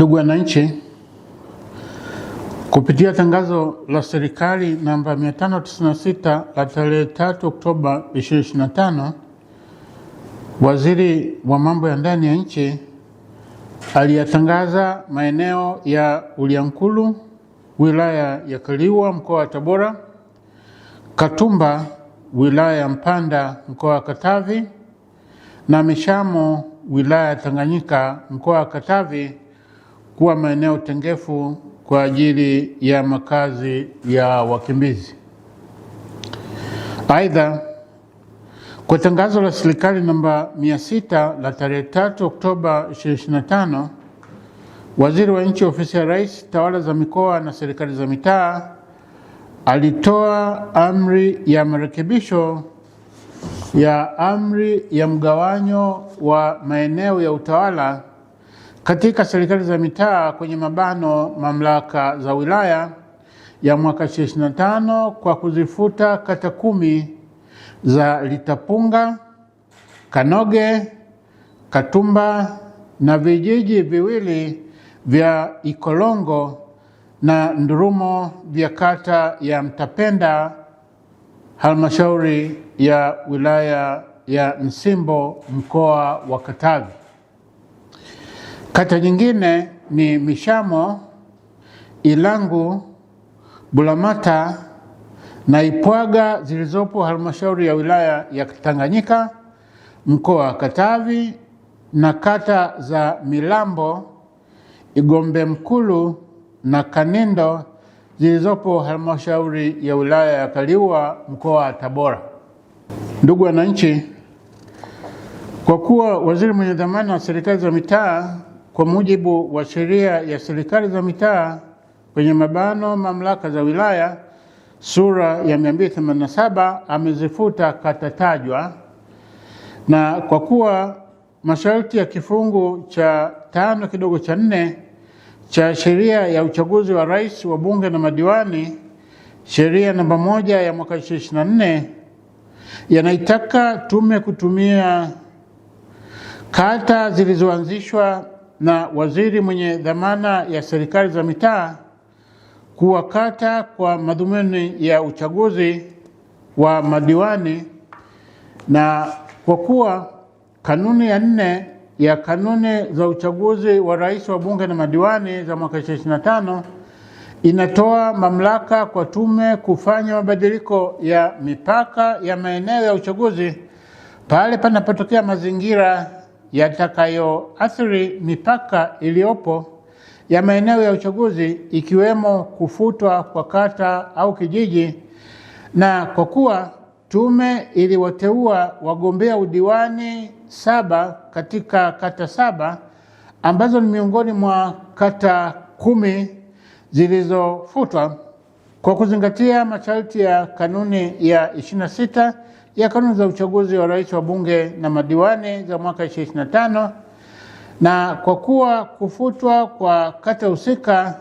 Ndugu wananchi, kupitia tangazo la serikali namba 596 la tarehe 3 Oktoba 2025, waziri wa mambo ya ndani ya nchi aliyatangaza maeneo ya uliankulu wilaya ya Kaliua, mkoa wa Tabora, Katumba, wilaya ya Mpanda, mkoa wa Katavi, na Mishamo, wilaya ya Tanganyika, mkoa wa Katavi kuwa maeneo tengefu kwa ajili ya makazi ya wakimbizi. Aidha, kwa tangazo la serikali namba 600 la tarehe 3 Oktoba 2025, Waziri wa Nchi, Ofisi ya Rais, Tawala za Mikoa na Serikali za Mitaa alitoa amri ya marekebisho ya amri ya mgawanyo wa maeneo ya utawala katika serikali za mitaa kwenye mabano mamlaka za wilaya ya mwaka 25 kwa kuzifuta kata kumi za Litapunga, Kanoge, Katumba na vijiji viwili vya Ikolongo na Ndurumo vya kata ya Mtapenda halmashauri ya wilaya ya Nsimbo mkoa wa Katavi. Kata nyingine ni Mishamo, Ilangu, Bulamata na Ipwaga zilizopo halmashauri ya wilaya ya Tanganyika, mkoa wa Katavi na kata za Milambo, Igombe Mkulu na Kanindo zilizopo halmashauri ya wilaya ya Kaliua mkoa wa Tabora. Ndugu wananchi, kwa kuwa waziri mwenye dhamana wa serikali za mitaa kwa mujibu wa sheria ya serikali za mitaa kwenye mabano mamlaka za wilaya sura ya 287 amezifuta kata tajwa, na kwa kuwa masharti ya kifungu cha tano kidogo cha nne cha sheria ya uchaguzi wa rais wa bunge na madiwani sheria namba moja ya mwaka 24 yanaitaka tume kutumia kata zilizoanzishwa na waziri mwenye dhamana ya serikali za mitaa kuwakata kwa madhumuni ya uchaguzi wa madiwani, na kwa kuwa kanuni ya nne ya kanuni za uchaguzi wa rais wa bunge na madiwani za mwaka 2025 inatoa mamlaka kwa tume kufanya mabadiliko ya mipaka ya maeneo ya uchaguzi pale panapotokea mazingira yatakayoathiri mipaka iliyopo ya maeneo ya uchaguzi ikiwemo kufutwa kwa kata au kijiji, na kwa kuwa tume iliwateua wagombea udiwani saba katika kata saba ambazo ni miongoni mwa kata kumi zilizofutwa kwa kuzingatia masharti ya kanuni ya 26 ya kanuni za uchaguzi wa rais wa bunge na madiwani za mwaka 2025 na kwa kuwa kufutwa kwa kata husika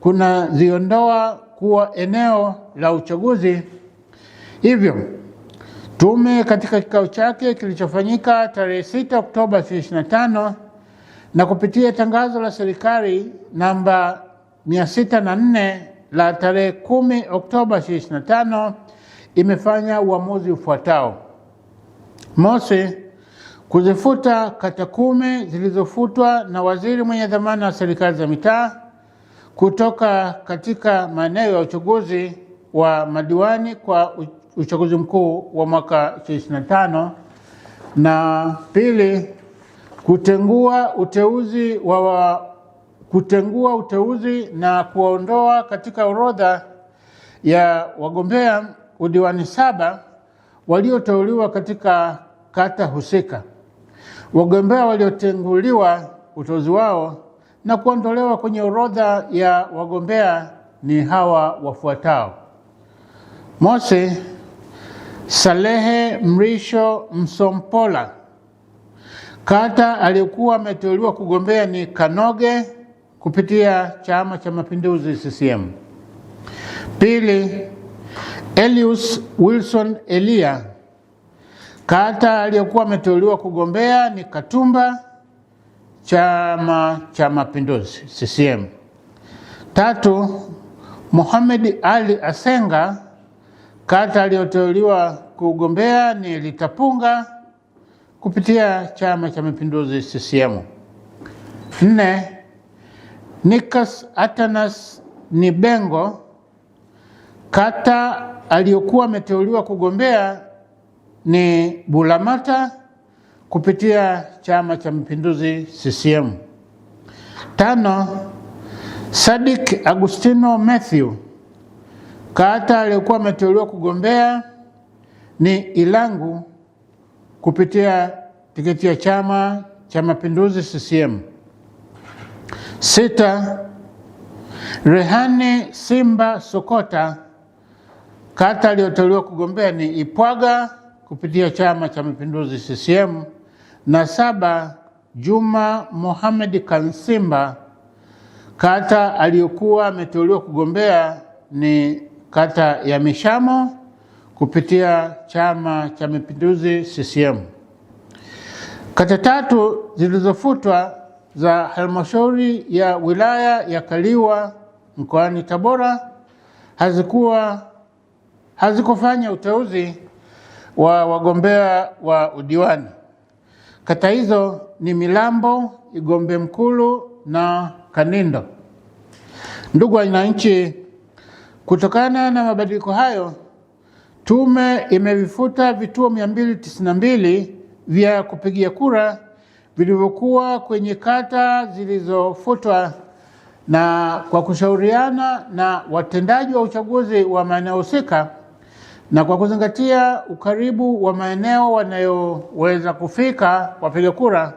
kunaziondoa kuwa eneo la uchaguzi, hivyo tume katika kikao chake kilichofanyika tarehe 6 Oktoba 2025 na kupitia tangazo la serikali namba 604 la tarehe 10 Oktoba 2025 imefanya uamuzi ufuatao: mosi, kuzifuta kata kumi zilizofutwa na waziri mwenye dhamana wa serikali za mitaa kutoka katika maeneo ya uchaguzi wa madiwani kwa uchaguzi mkuu wa mwaka 25, na pili, kutengua uteuzi wa, wa kutengua uteuzi na kuwaondoa katika orodha ya wagombea udiwani saba walioteuliwa katika kata husika, wagombea waliotenguliwa uteuzi wao na kuondolewa kwenye orodha ya wagombea ni hawa wafuatao: mose Salehe Mrisho Msompola. Kata aliyokuwa ameteuliwa kugombea ni Kanoge kupitia Chama cha Mapinduzi CCM. Pili, Elius Wilson Elia kata aliyokuwa ameteuliwa kugombea ni Katumba, Chama cha Mapinduzi CCM. Tatu, Mohamed Ali Asenga kata aliyoteuliwa kugombea ni Litapunga kupitia Chama cha Mapinduzi CCM. Nne, Nikas Atanas Nibengo Kata aliyokuwa ameteuliwa kugombea ni Bulamata kupitia Chama cha Mapinduzi CCM. Tano, Sadik Agustino Mathew kata aliyokuwa ameteuliwa kugombea ni Ilangu kupitia tiketi ya Chama cha Mapinduzi CCM. Sita, Rehani Simba Sokota Kata aliyoteuliwa kugombea ni Ipwaga kupitia Chama cha Mapinduzi CCM, na saba Juma Mohamed Kansimba. Kata aliyokuwa ameteuliwa kugombea ni kata ya Mishamo kupitia Chama cha Mapinduzi CCM. Kata tatu zilizofutwa za halmashauri ya wilaya ya Kaliwa mkoani Tabora hazikuwa hazikufanya uteuzi wa wagombea wa udiwani. Kata hizo ni Milambo, Igombe Mkulu na Kanindo. Ndugu wananchi, kutokana na mabadiliko hayo, tume imevifuta vituo 292 vya kupigia kura vilivyokuwa kwenye kata zilizofutwa na kwa kushauriana na watendaji wa uchaguzi wa maeneo husika na kwa kuzingatia ukaribu wa maeneo wanayoweza kufika wapiga kura,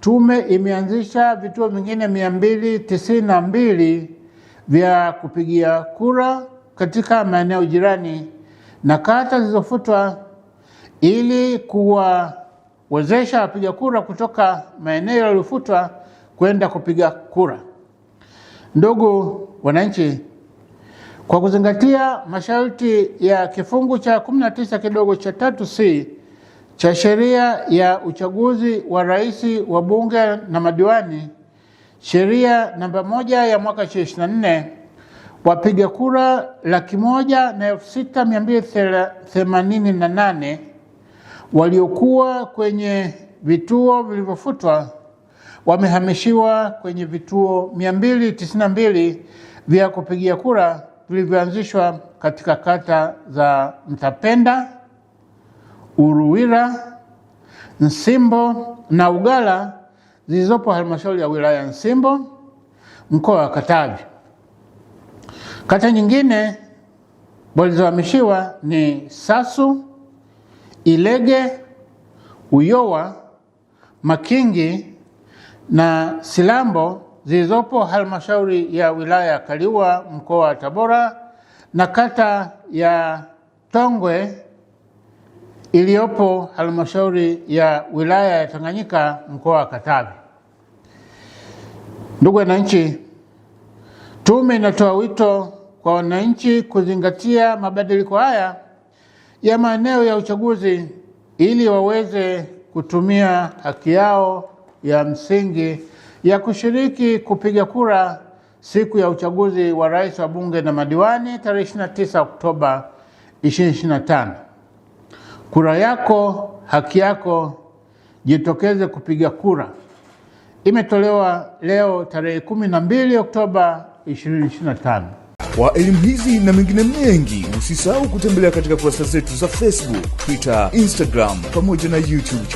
tume imeanzisha vituo vingine mia mbili tisini na mbili vya kupigia kura katika maeneo jirani na kata zilizofutwa ili kuwawezesha wapiga kura kutoka maeneo yaliyofutwa kwenda kupiga kura. Ndugu wananchi, kwa kuzingatia masharti ya kifungu cha 19 kidogo cha tatu c cha sheria ya uchaguzi wa rais wa bunge na madiwani, sheria namba moja ya mwaka 2024 wapiga kura laki moja na elfu sita mia mbili themanini na nane waliokuwa kwenye vituo vilivyofutwa wamehamishiwa kwenye vituo 292 vya kupigia kura vilivyoanzishwa katika kata za Mtapenda, Uruwira, Nsimbo na Ugala zilizopo halmashauri ya wilaya Nsimbo, mkoa wa Katavi. Kata nyingine walizohamishiwa ni Sasu, Ilege, Uyowa, Makingi na Silambo zilizopo halmashauri ya wilaya ya Kaliua mkoa wa Tabora na kata ya Tongwe iliyopo halmashauri ya wilaya ya Tanganyika mkoa wa Katavi. Ndugu wananchi, tume inatoa wito kwa wananchi kuzingatia mabadiliko haya ya maeneo ya uchaguzi ili waweze kutumia haki yao ya msingi ya kushiriki kupiga kura siku ya uchaguzi wa rais wa bunge na madiwani tarehe 29 Oktoba 2025. Kura yako haki yako, jitokeze kupiga kura. Imetolewa leo tarehe 12 Oktoba 2025. Kwa elimu hizi na mengine mengi, usisahau kutembelea katika kurasa zetu za Facebook, Twitter, Instagram pamoja na YouTube.